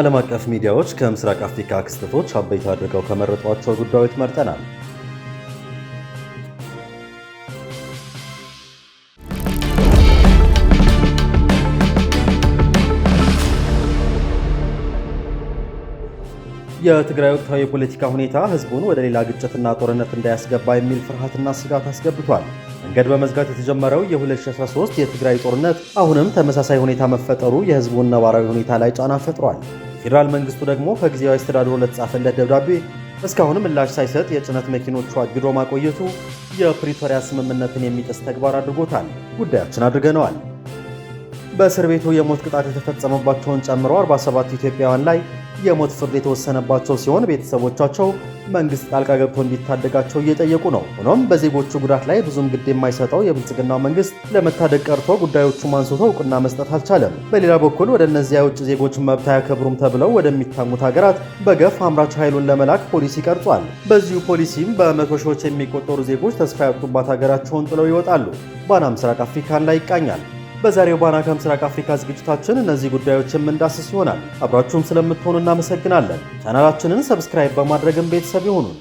ዓለም አቀፍ ሚዲያዎች ከምስራቅ አፍሪካ ክስተቶች አበይት አድርገው ከመረጧቸው ጉዳዮች መርጠናል። የትግራይ ወቅታዊ የፖለቲካ ሁኔታ ህዝቡን ወደ ሌላ ግጭትና ጦርነት እንዳያስገባ የሚል ፍርሃትና ስጋት አስገብቷል። መንገድ በመዝጋት የተጀመረው የ2013 የትግራይ ጦርነት አሁንም ተመሳሳይ ሁኔታ መፈጠሩ የህዝቡን ነባራዊ ሁኔታ ላይ ጫና ፈጥሯል። የፌዴራል መንግስቱ ደግሞ ከጊዜያዊ አስተዳደሩ ለተጻፈለት ደብዳቤ እስካሁን ምላሽ ሳይሰጥ የጭነት መኪኖቹ አግዶ ማቆየቱ የፕሪቶሪያ ስምምነትን የሚጥስ ተግባር አድርጎታል። ጉዳያችን አድርገነዋል። በእስር ቤቱ የሞት ቅጣት የተፈጸመባቸውን ጨምሮ 47 ኢትዮጵያውያን ላይ የሞት ፍርድ የተወሰነባቸው ሲሆን ቤተሰቦቻቸው መንግስት ጣልቃ ገብቶ እንዲታደጋቸው እየጠየቁ ነው። ሆኖም በዜጎቹ ጉዳት ላይ ብዙም ግድ የማይሰጠው የብልጽግናው መንግስት ለመታደግ ቀርቶ ጉዳዮቹ ማንስቶ እውቅና መስጠት አልቻለም። በሌላ በኩል ወደ እነዚያ የውጭ ዜጎች መብት አያከብሩም ተብለው ወደሚታሙት ሀገራት በገፍ አምራች ኃይሉን ለመላክ ፖሊሲ ቀርጿል። በዚሁ ፖሊሲም በመቶ ሺዎች የሚቆጠሩ ዜጎች ተስፋ ያጡባት ሀገራቸውን ጥለው ይወጣሉ። ባና ምስራቅ አፍሪካን ላይ ይቃኛል። በዛሬው ባናካም ምስራቅ አፍሪካ ዝግጅታችን እነዚህ ጉዳዮች የምንዳስስ ይሆናል። አብራችሁም ስለምትሆኑ እናመሰግናለን። ቻናላችንን ሰብስክራይብ በማድረግም ቤተሰብ ይሁኑን።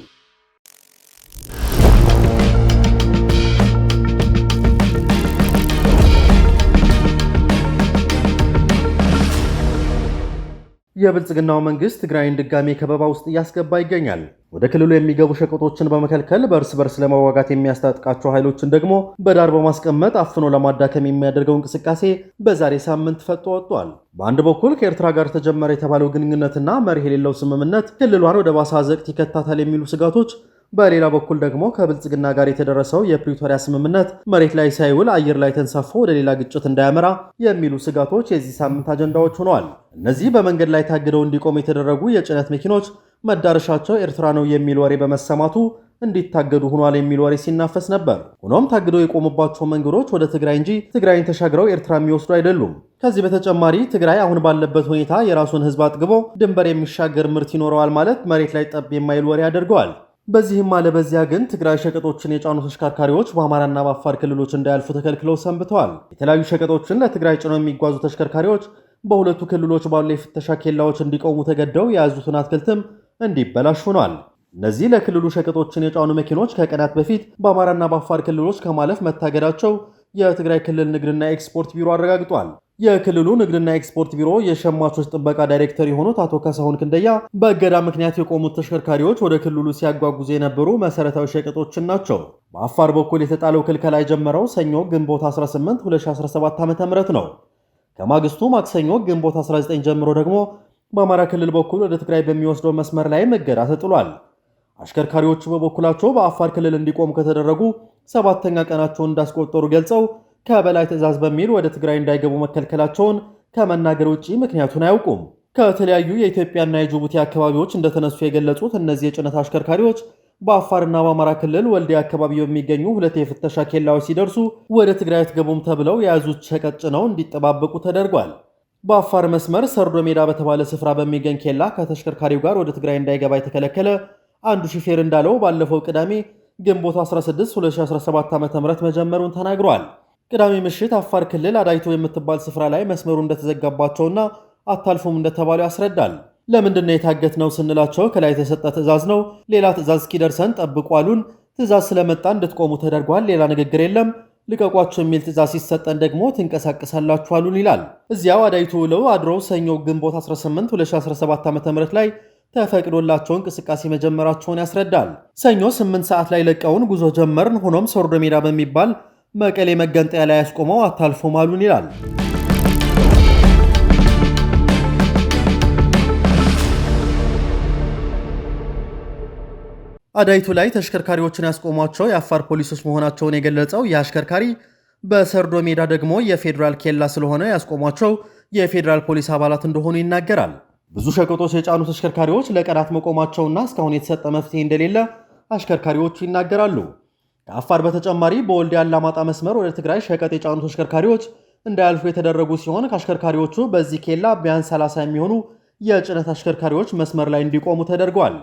የብልጽግናው መንግስት ትግራይን ድጋሜ ከበባ ውስጥ እያስገባ ይገኛል። ወደ ክልሉ የሚገቡ ሸቀጦችን በመከልከል በእርስ በርስ ለመዋጋት የሚያስታጥቃቸው ኃይሎችን ደግሞ በዳር በማስቀመጥ አፍኖ ለማዳከም የሚያደርገው እንቅስቃሴ በዛሬ ሳምንት ፈጥቶ ወጥቷል። በአንድ በኩል ከኤርትራ ጋር ተጀመረ የተባለው ግንኙነትና መርህ የሌለው ስምምነት ክልሏን ወደ ባሰ አዘቅት ይከታታል የሚሉ ስጋቶች በሌላ በኩል ደግሞ ከብልጽግና ጋር የተደረሰው የፕሪቶሪያ ስምምነት መሬት ላይ ሳይውል አየር ላይ ተንሳፎ ወደ ሌላ ግጭት እንዳያመራ የሚሉ ስጋቶች የዚህ ሳምንት አጀንዳዎች ሆነዋል። እነዚህ በመንገድ ላይ ታግደው እንዲቆሙ የተደረጉ የጭነት መኪኖች መዳረሻቸው ኤርትራ ነው የሚል ወሬ በመሰማቱ እንዲታገዱ ሆኗል የሚል ወሬ ሲናፈስ ነበር። ሆኖም ታግደው የቆሙባቸው መንገዶች ወደ ትግራይ እንጂ ትግራይን ተሻግረው ኤርትራ የሚወስዱ አይደሉም። ከዚህ በተጨማሪ ትግራይ አሁን ባለበት ሁኔታ የራሱን ሕዝብ አጥግቦ ድንበር የሚሻገር ምርት ይኖረዋል ማለት መሬት ላይ ጠብ የማይል ወሬ አድርገዋል። በዚህም አለ በዚያ ግን ትግራይ ሸቀጦችን የጫኑ ተሽከርካሪዎች በአማራና በአፋር ክልሎች እንዳያልፉ ተከልክለው ሰንብተዋል። የተለያዩ ሸቀጦችን ለትግራይ ጭነው የሚጓዙ ተሽከርካሪዎች በሁለቱ ክልሎች ባሉ የፍተሻ ኬላዎች እንዲቆሙ ተገደው የያዙትን አትክልትም እንዲበላሽ ሆኗል። እነዚህ ለክልሉ ሸቀጦችን የጫኑ መኪኖች ከቀናት በፊት በአማራና በአፋር ክልሎች ከማለፍ መታገዳቸው የትግራይ ክልል ንግድና ኤክስፖርት ቢሮ አረጋግጧል። የክልሉ ንግድና ኤክስፖርት ቢሮ የሸማቾች ጥበቃ ዳይሬክተር የሆኑት አቶ ከሳሁን ክንደያ በእገዳ ምክንያት የቆሙት ተሽከርካሪዎች ወደ ክልሉ ሲያጓጉዙ የነበሩ መሰረታዊ ሸቀጦችን ናቸው። በአፋር በኩል የተጣለው ክልከላ የጀመረው ሰኞ ግንቦት 18 2017 ዓ.ም ነው። ከማግስቱ ማክሰኞ ግንቦት 19 ጀምሮ ደግሞ በአማራ ክልል በኩል ወደ ትግራይ በሚወስደው መስመር ላይ እገዳ ተጥሏል። አሽከርካሪዎቹ በበኩላቸው በአፋር ክልል እንዲቆሙ ከተደረጉ ሰባተኛ ቀናቸውን እንዳስቆጠሩ ገልጸው ከበላይ ትዕዛዝ በሚል ወደ ትግራይ እንዳይገቡ መከልከላቸውን ከመናገር ውጪ ምክንያቱን አያውቁም። ከተለያዩ የኢትዮጵያና የጅቡቲ አካባቢዎች እንደተነሱ የገለጹት እነዚህ የጭነት አሽከርካሪዎች በአፋርና በአማራ ክልል ወልዲያ አካባቢ በሚገኙ ሁለት የፍተሻ ኬላዎች ሲደርሱ ወደ ትግራይ አትገቡም ተብለው የያዙት ሸቀጥ ጭነው እንዲጠባበቁ ተደርጓል። በአፋር መስመር ሰርዶ ሜዳ በተባለ ስፍራ በሚገኝ ኬላ ከተሽከርካሪው ጋር ወደ ትግራይ እንዳይገባ የተከለከለ አንዱ ሹፌር እንዳለው ባለፈው ቅዳሜ ግንቦት 16 2017 ዓ ም መጀመሩን ተናግሯል። ቅዳሜ ምሽት አፋር ክልል አዳይቶ የምትባል ስፍራ ላይ መስመሩ እንደተዘጋባቸውና አታልፎም እንደተባሉ ያስረዳል። ለምንድን ነው የታገትነው ስንላቸው ከላይ የተሰጠ ትዕዛዝ ነው፣ ሌላ ትዕዛዝ እስኪደርሰን ጠብቁ አሉን። ትዕዛዝ ስለመጣ እንድትቆሙ ተደርጓል፣ ሌላ ንግግር የለም። ልቀቋቸው የሚል ትዕዛዝ ሲሰጠን ደግሞ ትንቀሳቀሳላችሁ አሉን ይላል። እዚያው አዳይቱ ውለው አድሮ ሰኞ ግንቦት 18 2017 ዓ ም ላይ ተፈቅዶላቸው እንቅስቃሴ መጀመራቸውን ያስረዳል። ሰኞ 8 ሰዓት ላይ ለቀውን ጉዞ ጀመርን። ሆኖም ሶርዶ ሜዳ በሚባል መቀሌ መገንጠያ ላይ ያስቆመው አታልፎም አሉን ይላል። አዳይቱ ላይ ተሽከርካሪዎችን ያስቆሟቸው የአፋር ፖሊሶች መሆናቸውን የገለጸው ይህ አሽከርካሪ በሰርዶ ሜዳ ደግሞ የፌዴራል ኬላ ስለሆነ ያስቆሟቸው የፌዴራል ፖሊስ አባላት እንደሆኑ ይናገራል። ብዙ ሸቀጦች የጫኑ ተሽከርካሪዎች ለቀናት መቆማቸውና እስካሁን የተሰጠ መፍትሄ እንደሌለ አሽከርካሪዎቹ ይናገራሉ። ከአፋር በተጨማሪ በወልዲያ አላማጣ መስመር ወደ ትግራይ ሸቀጥ የጫኑ ተሽከርካሪዎች እንዳያልፉ የተደረጉ ሲሆን ከአሽከርካሪዎቹ በዚህ ኬላ ቢያንስ 30 የሚሆኑ የጭነት አሽከርካሪዎች መስመር ላይ እንዲቆሙ ተደርጓል።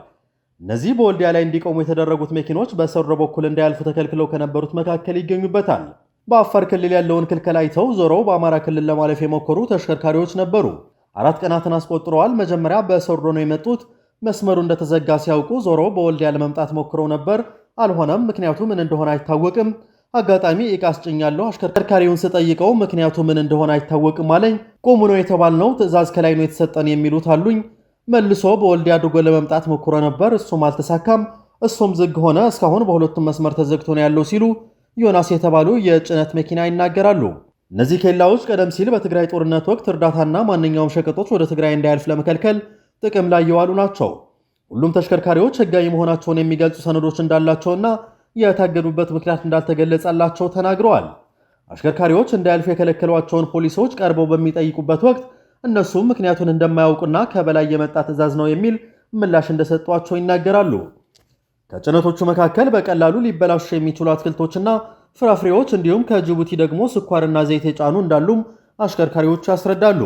እነዚህ በወልዲያ ላይ እንዲቆሙ የተደረጉት መኪኖች በሰሮ በኩል እንዳያልፉ ተከልክለው ከነበሩት መካከል ይገኙበታል። በአፋር ክልል ያለውን ክልከላ አይተው ዞረው በአማራ ክልል ለማለፍ የሞከሩ ተሽከርካሪዎች ነበሩ። አራት ቀናትን አስቆጥረዋል። መጀመሪያ በሰሮ ነው የመጡት። መስመሩ እንደተዘጋ ሲያውቁ ዞሮ በወልዲያ ለመምጣት ሞክረው ነበር። አልሆነም። ምክንያቱ ምን እንደሆነ አይታወቅም። አጋጣሚ ዕቃ አስጭኛለሁ አሽከርካሪውን ስጠይቀው ምክንያቱ ምን እንደሆነ አይታወቅም አለኝ። ቆሙ ነው የተባልነው፣ ትዕዛዝ ከላይ ነው የተሰጠን የሚሉት አሉኝ። መልሶ በወልዲያ አድርጎ ለመምጣት ሞክሮ ነበር፣ እሱም አልተሳካም። እሱም ዝግ ሆነ። እስካሁን በሁለቱም መስመር ተዘግቶ ነው ያለው ሲሉ ዮናስ የተባሉ የጭነት መኪና ይናገራሉ። እነዚህ ኬላዎች ቀደም ሲል በትግራይ ጦርነት ወቅት እርዳታና ማንኛውም ሸቀጦች ወደ ትግራይ እንዳያልፍ ለመከልከል ጥቅም ላይ የዋሉ ናቸው። ሁሉም ተሽከርካሪዎች ህጋዊ መሆናቸውን የሚገልጹ ሰነዶች እንዳላቸውና የታገዱበት ምክንያት እንዳልተገለጸላቸው ተናግረዋል። አሽከርካሪዎች እንዳያልፉ የከለከሏቸውን ፖሊሶች ቀርበው በሚጠይቁበት ወቅት እነሱም ምክንያቱን እንደማያውቁና ከበላይ የመጣ ትዕዛዝ ነው የሚል ምላሽ እንደሰጧቸው ይናገራሉ። ከጭነቶቹ መካከል በቀላሉ ሊበላሹ የሚችሉ አትክልቶችና ፍራፍሬዎች እንዲሁም ከጅቡቲ ደግሞ ስኳርና ዘይት የጫኑ እንዳሉም አሽከርካሪዎች ያስረዳሉ።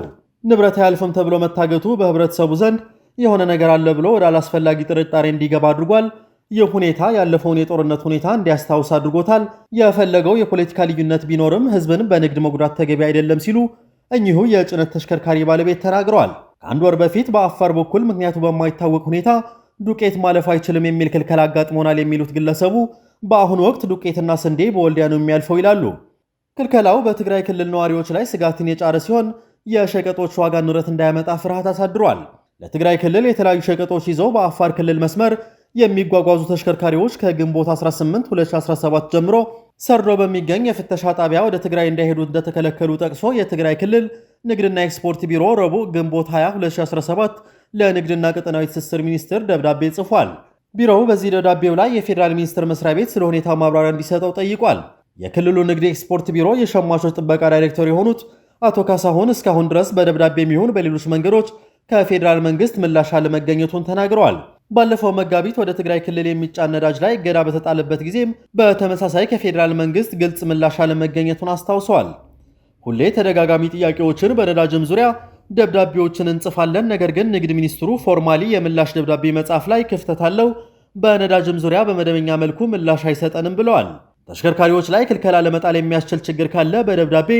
ንብረት አያልፍም ተብሎ መታገቱ በህብረተሰቡ ዘንድ የሆነ ነገር አለ ብሎ ወደ አላስፈላጊ ጥርጣሬ እንዲገባ አድርጓል። ይህ ሁኔታ ያለፈውን የጦርነት ሁኔታ እንዲያስታውስ አድርጎታል። የፈለገው የፖለቲካ ልዩነት ቢኖርም ህዝብን በንግድ መጉዳት ተገቢ አይደለም ሲሉ እኚሁ የጭነት ተሽከርካሪ ባለቤት ተናግረዋል። ከአንድ ወር በፊት በአፋር በኩል ምክንያቱ በማይታወቅ ሁኔታ ዱቄት ማለፍ አይችልም የሚል ክልከላ አጋጥሞናል የሚሉት ግለሰቡ በአሁኑ ወቅት ዱቄትና ስንዴ በወልዲያ ነው የሚያልፈው ይላሉ። ክልከላው በትግራይ ክልል ነዋሪዎች ላይ ስጋትን የጫረ ሲሆን የሸቀጦች ዋጋ ንረት እንዳያመጣ ፍርሃት አሳድሯል። ለትግራይ ክልል የተለያዩ ሸቀጦች ይዘው በአፋር ክልል መስመር የሚጓጓዙ ተሽከርካሪዎች ከግንቦት 18 2017 ጀምሮ ሰርዶ በሚገኝ የፍተሻ ጣቢያ ወደ ትግራይ እንዳይሄዱ እንደተከለከሉ ጠቅሶ የትግራይ ክልል ንግድና ኤክስፖርት ቢሮ ረቡዕ ግንቦት 20 2017 ለንግድና ቀጠናዊ ትስስር ሚኒስትር ደብዳቤ ጽፏል። ቢሮው በዚህ ደብዳቤው ላይ የፌዴራል ሚኒስቴር መስሪያ ቤት ስለ ሁኔታው ማብራሪያ እንዲሰጠው ጠይቋል። የክልሉ ንግድ ኤክስፖርት ቢሮ የሸማቾች ጥበቃ ዳይሬክተር የሆኑት አቶ ካሳሁን እስካሁን ድረስ በደብዳቤ የሚሆን በሌሎች መንገዶች ከፌዴራል መንግስት ምላሽ አለመገኘቱን ተናግረዋል። ባለፈው መጋቢት ወደ ትግራይ ክልል የሚጫን ነዳጅ ላይ እገዳ በተጣለበት ጊዜም በተመሳሳይ ከፌዴራል መንግስት ግልጽ ምላሽ አለመገኘቱን አስታውሰዋል። ሁሌ ተደጋጋሚ ጥያቄዎችን በነዳጅም ዙሪያ ደብዳቤዎችን እንጽፋለን፣ ነገር ግን ንግድ ሚኒስትሩ ፎርማሊ የምላሽ ደብዳቤ መጻፍ ላይ ክፍተት አለው፣ በነዳጅም ዙሪያ በመደበኛ መልኩ ምላሽ አይሰጠንም ብለዋል። ተሽከርካሪዎች ላይ ክልከላ ለመጣል የሚያስችል ችግር ካለ በደብዳቤ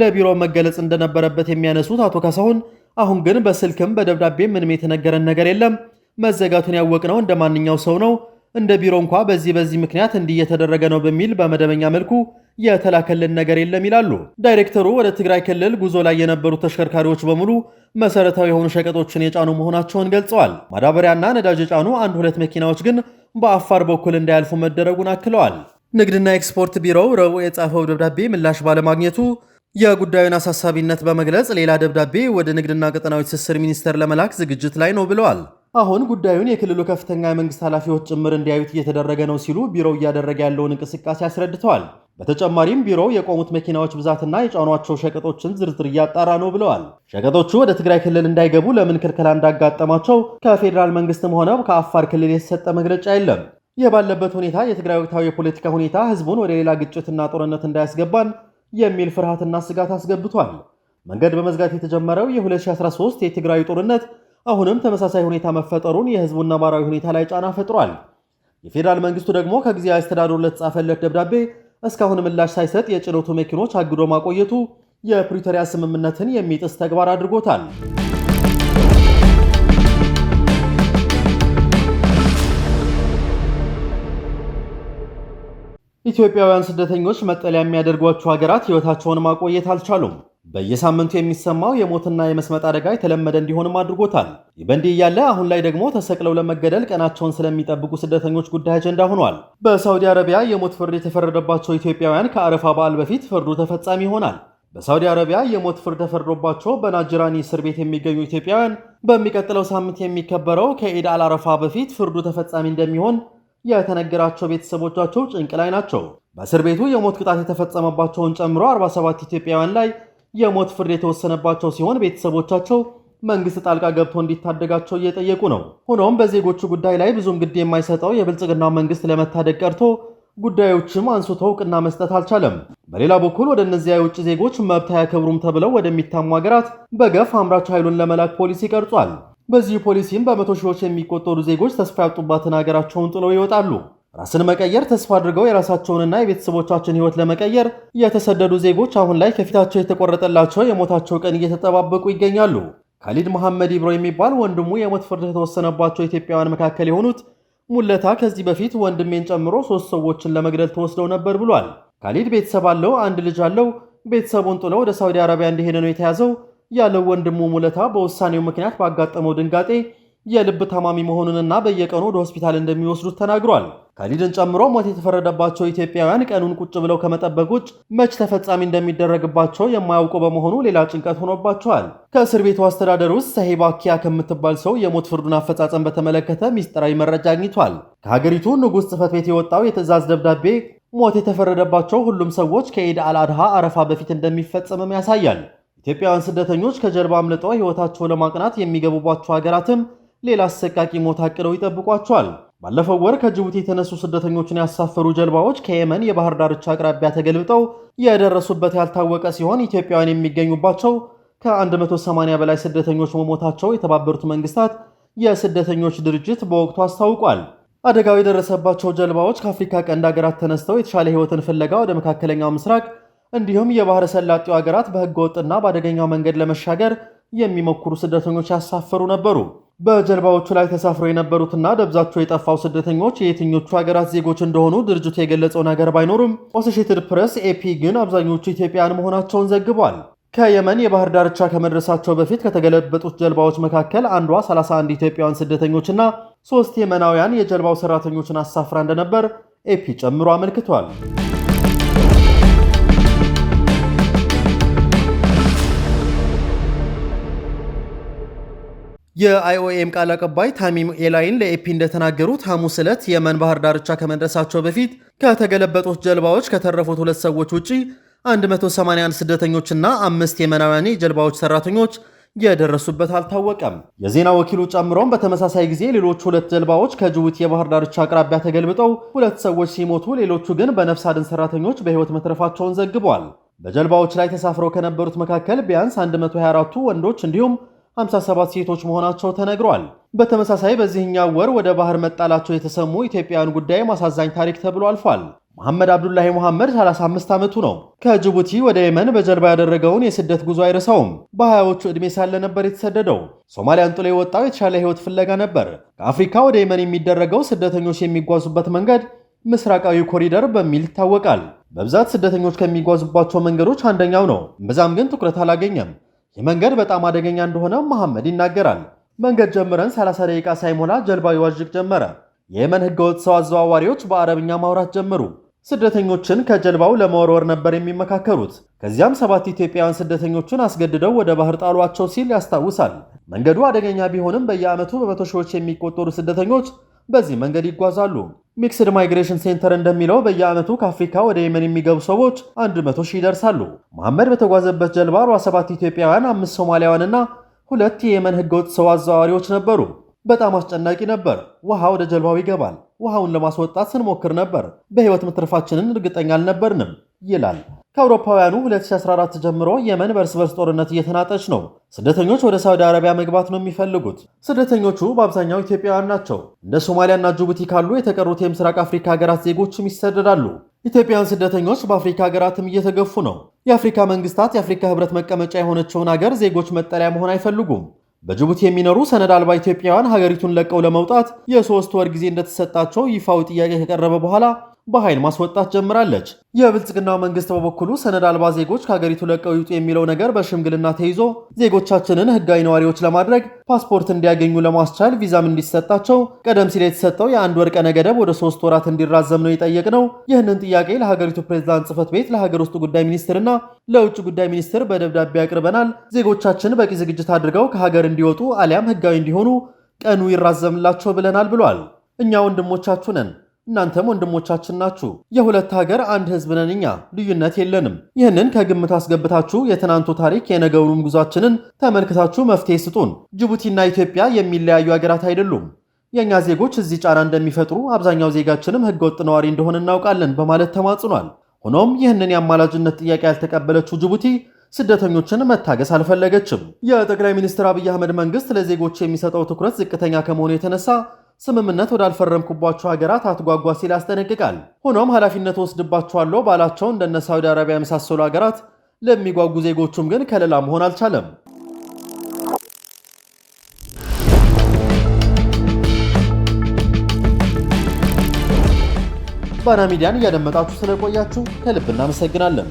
ለቢሮ መገለጽ እንደነበረበት የሚያነሱት አቶ ካሳሁን አሁን ግን በስልክም በደብዳቤ ምንም የተነገረን ነገር የለም። መዘጋቱን ያወቅነው እንደ ማንኛው ሰው ነው። እንደ ቢሮ እንኳ በዚህ በዚህ ምክንያት እንዲህ እየተደረገ ነው በሚል በመደበኛ መልኩ የተላከልን ነገር የለም ይላሉ ዳይሬክተሩ። ወደ ትግራይ ክልል ጉዞ ላይ የነበሩ ተሽከርካሪዎች በሙሉ መሰረታዊ የሆኑ ሸቀጦችን የጫኑ መሆናቸውን ገልጸዋል። ማዳበሪያና ነዳጅ የጫኑ አንድ ሁለት መኪናዎች ግን በአፋር በኩል እንዳያልፉ መደረጉን አክለዋል። ንግድና ኤክስፖርት ቢሮው ረቡዕ የጻፈው ደብዳቤ ምላሽ ባለማግኘቱ የጉዳዩን አሳሳቢነት በመግለጽ ሌላ ደብዳቤ ወደ ንግድና ቀጠናዊ ትስስር ሚኒስቴር ለመላክ ዝግጅት ላይ ነው ብለዋል። አሁን ጉዳዩን የክልሉ ከፍተኛ የመንግስት ኃላፊዎች ጭምር እንዲያዩት እየተደረገ ነው ሲሉ ቢሮው እያደረገ ያለውን እንቅስቃሴ አስረድተዋል። በተጨማሪም ቢሮው የቆሙት መኪናዎች ብዛትና የጫኗቸው ሸቀጦችን ዝርዝር እያጣራ ነው ብለዋል። ሸቀጦቹ ወደ ትግራይ ክልል እንዳይገቡ ለምን ክልከላ እንዳጋጠማቸው ከፌዴራል መንግስትም ሆነ ከአፋር ክልል የተሰጠ መግለጫ የለም። ይህ ባለበት ሁኔታ የትግራይ ወቅታዊ የፖለቲካ ሁኔታ ህዝቡን ወደ ሌላ ግጭትና ጦርነት እንዳያስገባን የሚል ፍርሃትና ስጋት አስገብቷል። መንገድ በመዝጋት የተጀመረው የ2013 የትግራይ ጦርነት አሁንም ተመሳሳይ ሁኔታ መፈጠሩን የህዝቡና ማራዊ ሁኔታ ላይ ጫና ፈጥሯል። የፌዴራል መንግስቱ ደግሞ ከጊዜያዊ አስተዳደሩ ለተጻፈለት ደብዳቤ እስካሁን ምላሽ ሳይሰጥ የጭነቱ መኪኖች አግዶ ማቆየቱ የፕሪቶሪያ ስምምነትን የሚጥስ ተግባር አድርጎታል። ኢትዮጵያውያን ስደተኞች መጠለያ የሚያደርጓቸው ሀገራት ህይወታቸውን ማቆየት አልቻሉም። በየሳምንቱ የሚሰማው የሞትና የመስመጥ አደጋ የተለመደ እንዲሆንም አድርጎታል። ይህ በእንዲህ እያለ አሁን ላይ ደግሞ ተሰቅለው ለመገደል ቀናቸውን ስለሚጠብቁ ስደተኞች ጉዳይ አጀንዳ ሆኗል። በሳውዲ አረቢያ የሞት ፍርድ የተፈረደባቸው ኢትዮጵያውያን ከአረፋ በዓል በፊት ፍርዱ ተፈጻሚ ይሆናል። በሳውዲ አረቢያ የሞት ፍርድ ተፈርዶባቸው በናጅራኒ እስር ቤት የሚገኙ ኢትዮጵያውያን በሚቀጥለው ሳምንት የሚከበረው ከኢድ አል አረፋ በፊት ፍርዱ ተፈጻሚ እንደሚሆን የተነገራቸው ቤተሰቦቻቸው ጭንቅ ላይ ናቸው። በእስር ቤቱ የሞት ቅጣት የተፈጸመባቸውን ጨምሮ 47 ኢትዮጵያውያን ላይ የሞት ፍርድ የተወሰነባቸው ሲሆን ቤተሰቦቻቸው መንግስት ጣልቃ ገብቶ እንዲታደጋቸው እየጠየቁ ነው። ሆኖም በዜጎቹ ጉዳይ ላይ ብዙም ግድ የማይሰጠው የብልጽግና መንግስት ለመታደግ ቀርቶ ጉዳዮችም አንስቶ እውቅና መስጠት አልቻለም። በሌላ በኩል ወደ እነዚያ የውጭ ዜጎች መብት አያከብሩም ተብለው ወደሚታሙ ሀገራት በገፍ አምራች ኃይሉን ለመላክ ፖሊሲ ቀርጿል። በዚህ ፖሊሲም በመቶ ሺዎች የሚቆጠሩ ዜጎች ተስፋ ያጡባትን ሀገራቸውን ጥለው ይወጣሉ። ራስን መቀየር ተስፋ አድርገው የራሳቸውንና የቤተሰቦቻችን ህይወት ለመቀየር የተሰደዱ ዜጎች አሁን ላይ ከፊታቸው የተቆረጠላቸው የሞታቸው ቀን እየተጠባበቁ ይገኛሉ። ካሊድ መሐመድ ኢብሮ የሚባል ወንድሙ የሞት ፍርድ ከተወሰነባቸው ኢትዮጵያውያን መካከል የሆኑት ሙለታ ከዚህ በፊት ወንድሜን ጨምሮ ሶስት ሰዎችን ለመግደል ተወስደው ነበር ብሏል። ካሊድ ቤተሰብ አለው፣ አንድ ልጅ አለው። ቤተሰቡን ጥሎ ወደ ሳውዲ አረቢያ እንደሄደ ነው የተያዘው። ያለው ወንድሙ ሙለታ በውሳኔው ምክንያት ባጋጠመው ድንጋጤ የልብ ታማሚ መሆኑንና በየቀኑ ወደ ሆስፒታል እንደሚወስዱት ተናግሯል። ከሊድን ጨምሮ ሞት የተፈረደባቸው ኢትዮጵያውያን ቀኑን ቁጭ ብለው ከመጠበቅ ውጭ መች ተፈጻሚ እንደሚደረግባቸው የማያውቁ በመሆኑ ሌላ ጭንቀት ሆኖባቸዋል። ከእስር ቤቱ አስተዳደር ውስጥ ሰሂባ ኪያ ከምትባል ሰው የሞት ፍርዱን አፈጻጸም በተመለከተ ሚስጥራዊ መረጃ አግኝቷል። ከሀገሪቱ ንጉሥ ጽሕፈት ቤት የወጣው የትዕዛዝ ደብዳቤ ሞት የተፈረደባቸው ሁሉም ሰዎች ከኢድ አልአድሃ አረፋ በፊት እንደሚፈጸምም ያሳያል። ኢትዮጵያውያን ስደተኞች ከጀልባ አምልጠው ሕይወታቸውን ለማቅናት የሚገቡባቸው ሀገራትም ሌላ አሰቃቂ ሞት አቅደው ይጠብቋቸዋል። ባለፈው ወር ከጅቡቲ የተነሱ ስደተኞችን ያሳፈሩ ጀልባዎች ከየመን የባህር ዳርቻ አቅራቢያ ተገልብጠው የደረሱበት ያልታወቀ ሲሆን ኢትዮጵያውያን የሚገኙባቸው ከ180 በላይ ስደተኞች መሞታቸው የተባበሩት መንግስታት የስደተኞች ድርጅት በወቅቱ አስታውቋል። አደጋው የደረሰባቸው ጀልባዎች ከአፍሪካ ቀንድ ሀገራት ተነስተው የተሻለ ሕይወትን ፍለጋ ወደ መካከለኛው ምስራቅ እንዲሁም የባህረ ሰላጤው ሀገራት በህገ ወጥና በአደገኛው መንገድ ለመሻገር የሚሞክሩ ስደተኞች ያሳፈሩ ነበሩ። በጀልባዎቹ ላይ ተሳፍረው የነበሩትና ደብዛቸው የጠፋው ስደተኞች የየትኞቹ ሀገራት ዜጎች እንደሆኑ ድርጅቱ የገለጸው ነገር ባይኖሩም። አሶሺየትድ ፕሬስ ኤፒ ግን አብዛኞቹ ኢትዮጵያን መሆናቸውን ዘግቧል። ከየመን የባህር ዳርቻ ከመድረሳቸው በፊት ከተገለበጡት ጀልባዎች መካከል አንዷ 31 ኢትዮጵያውያን ስደተኞችና ሶስት የመናውያን የጀልባው ሰራተኞችን አሳፍራ እንደነበር ኤፒ ጨምሮ አመልክቷል። የአይኦኤም ቃል አቀባይ ታሚም ኤላይን ለኤፒ እንደተናገሩት ሐሙስ ዕለት የመን ባህር ዳርቻ ከመድረሳቸው በፊት ከተገለበጡት ጀልባዎች ከተረፉት ሁለት ሰዎች ውጪ 181 ስደተኞችና አምስት የመናውያን ጀልባዎች ሰራተኞች የደረሱበት አልታወቀም። የዜና ወኪሉ ጨምሮም በተመሳሳይ ጊዜ ሌሎች ሁለት ጀልባዎች ከጅቡቲ የባህር ዳርቻ አቅራቢያ ተገልብጠው ሁለት ሰዎች ሲሞቱ፣ ሌሎቹ ግን በነፍስ አድን ሰራተኞች በሕይወት መትረፋቸውን ዘግቧል። በጀልባዎች ላይ ተሳፍረው ከነበሩት መካከል ቢያንስ 124ቱ ወንዶች እንዲሁም 57 ሴቶች መሆናቸው ተነግሯል። በተመሳሳይ በዚህኛው ወር ወደ ባህር መጣላቸው የተሰሙ ኢትዮጵያውያን ጉዳይ ማሳዛኝ ታሪክ ተብሎ አልፏል። መሐመድ አብዱላሂ መሐመድ 35 ዓመቱ ነው። ከጅቡቲ ወደ የመን በጀልባ ያደረገውን የስደት ጉዞ አይረሳውም። በሀያዎቹ ዕድሜ ሳለ ነበር የተሰደደው። ሶማሊያን ጥሎ የወጣው የተሻለ ሕይወት ፍለጋ ነበር። ከአፍሪካ ወደ የመን የሚደረገው ስደተኞች የሚጓዙበት መንገድ ምስራቃዊ ኮሪደር በሚል ይታወቃል። በብዛት ስደተኞች ከሚጓዙባቸው መንገዶች አንደኛው ነው። እምብዛም ግን ትኩረት አላገኘም። ይህ መንገድ በጣም አደገኛ እንደሆነ መሐመድ ይናገራል። መንገድ ጀምረን 30 ደቂቃ ሳይሞላ ጀልባ ይዋዥቅ ጀመረ። የየመን ህገወጥ ሰው አዘዋዋሪዎች በአረብኛ ማውራት ጀመሩ። ስደተኞችን ከጀልባው ለመወርወር ነበር የሚመካከሩት። ከዚያም ሰባት ኢትዮጵያውያን ስደተኞችን አስገድደው ወደ ባህር ጣሏቸው ሲል ያስታውሳል። መንገዱ አደገኛ ቢሆንም በየዓመቱ በመቶ ሺዎች የሚቆጠሩ ስደተኞች በዚህ መንገድ ይጓዛሉ። ሚክስድ ማይግሬሽን ሴንተር እንደሚለው በየዓመቱ ከአፍሪካ ወደ የመን የሚገቡ ሰዎች 100 ሺህ ይደርሳሉ። መሐመድ በተጓዘበት ጀልባ 47 ኢትዮጵያውያን፣ አምስት ሶማሊያውያንና ሁለት የየመን ህገወጥ ሰው አዘዋዋሪዎች ነበሩ። በጣም አስጨናቂ ነበር። ውሃ ወደ ጀልባው ይገባል። ውሃውን ለማስወጣት ስንሞክር ነበር። በህይወት መትረፋችንን እርግጠኛ አልነበርንም። ይላል። ከአውሮፓውያኑ 2014 ጀምሮ የመን በእርስ በርስ ጦርነት እየተናጠች ነው። ስደተኞች ወደ ሳውዲ አረቢያ መግባት ነው የሚፈልጉት። ስደተኞቹ በአብዛኛው ኢትዮጵያውያን ናቸው። እንደ ሶማሊያና ጅቡቲ ካሉ የተቀሩት የምስራቅ አፍሪካ ሀገራት ዜጎችም ይሰደዳሉ። ኢትዮጵያውያን ስደተኞች በአፍሪካ ሀገራትም እየተገፉ ነው። የአፍሪካ መንግስታት የአፍሪካ ህብረት መቀመጫ የሆነችውን ሀገር ዜጎች መጠለያ መሆን አይፈልጉም። በጅቡቲ የሚኖሩ ሰነድ አልባ ኢትዮጵያውያን ሀገሪቱን ለቀው ለመውጣት የሶስት ወር ጊዜ እንደተሰጣቸው ይፋዊ ጥያቄ ከቀረበ በኋላ በኃይል ማስወጣት ጀምራለች። የብልጽግናው መንግስት በበኩሉ ሰነድ አልባ ዜጎች ከሀገሪቱ ለቀው ይውጡ የሚለው ነገር በሽምግልና ተይዞ ዜጎቻችንን ህጋዊ ነዋሪዎች ለማድረግ ፓስፖርት እንዲያገኙ ለማስቻል ቪዛም እንዲሰጣቸው ቀደም ሲል የተሰጠው የአንድ ወር ቀነ ገደብ ወደ ሶስት ወራት እንዲራዘም ነው የጠየቅነው። ይህንን ጥያቄ ለሀገሪቱ ፕሬዝዳንት ጽህፈት ቤት፣ ለሀገር ውስጥ ጉዳይ ሚኒስትርና ለውጭ ጉዳይ ሚኒስትር በደብዳቤ አቅርበናል። ዜጎቻችን በቂ ዝግጅት አድርገው ከሀገር እንዲወጡ አሊያም ህጋዊ እንዲሆኑ ቀኑ ይራዘምላቸው ብለናል ብሏል። እኛ ወንድሞቻችሁ ነን እናንተም ወንድሞቻችን ናችሁ። የሁለት ሀገር አንድ ህዝብ ነን እኛ፣ ልዩነት የለንም። ይህንን ከግምት አስገብታችሁ የትናንቱ ታሪክ የነገውንም ጉዟችንን ተመልክታችሁ መፍትሄ ስጡን። ጅቡቲና ኢትዮጵያ የሚለያዩ ሀገራት አይደሉም። የእኛ ዜጎች እዚህ ጫና እንደሚፈጥሩ አብዛኛው ዜጋችንም ህገወጥ ነዋሪ እንደሆነ እናውቃለን በማለት ተማጽኗል። ሆኖም ይህንን የአማላጅነት ጥያቄ ያልተቀበለችው ጅቡቲ ስደተኞችን መታገስ አልፈለገችም። የጠቅላይ ሚኒስትር አብይ አህመድ መንግስት ለዜጎች የሚሰጠው ትኩረት ዝቅተኛ ከመሆኑ የተነሳ ስምምነት ወዳልፈረምኩባቸው ሀገራት አትጓጓ ሲል ያስጠነቅቃል። ሆኖም ኃላፊነት ወስድባቸዋለሁ ባላቸው እንደነ ሳዑዲ አረቢያ የመሳሰሉ ሀገራት ለሚጓጉ ዜጎቹም ግን ከለላ መሆን አልቻለም። ባና ሚዲያን እያደመጣችሁ ስለቆያችሁ ከልብ እናመሰግናለን።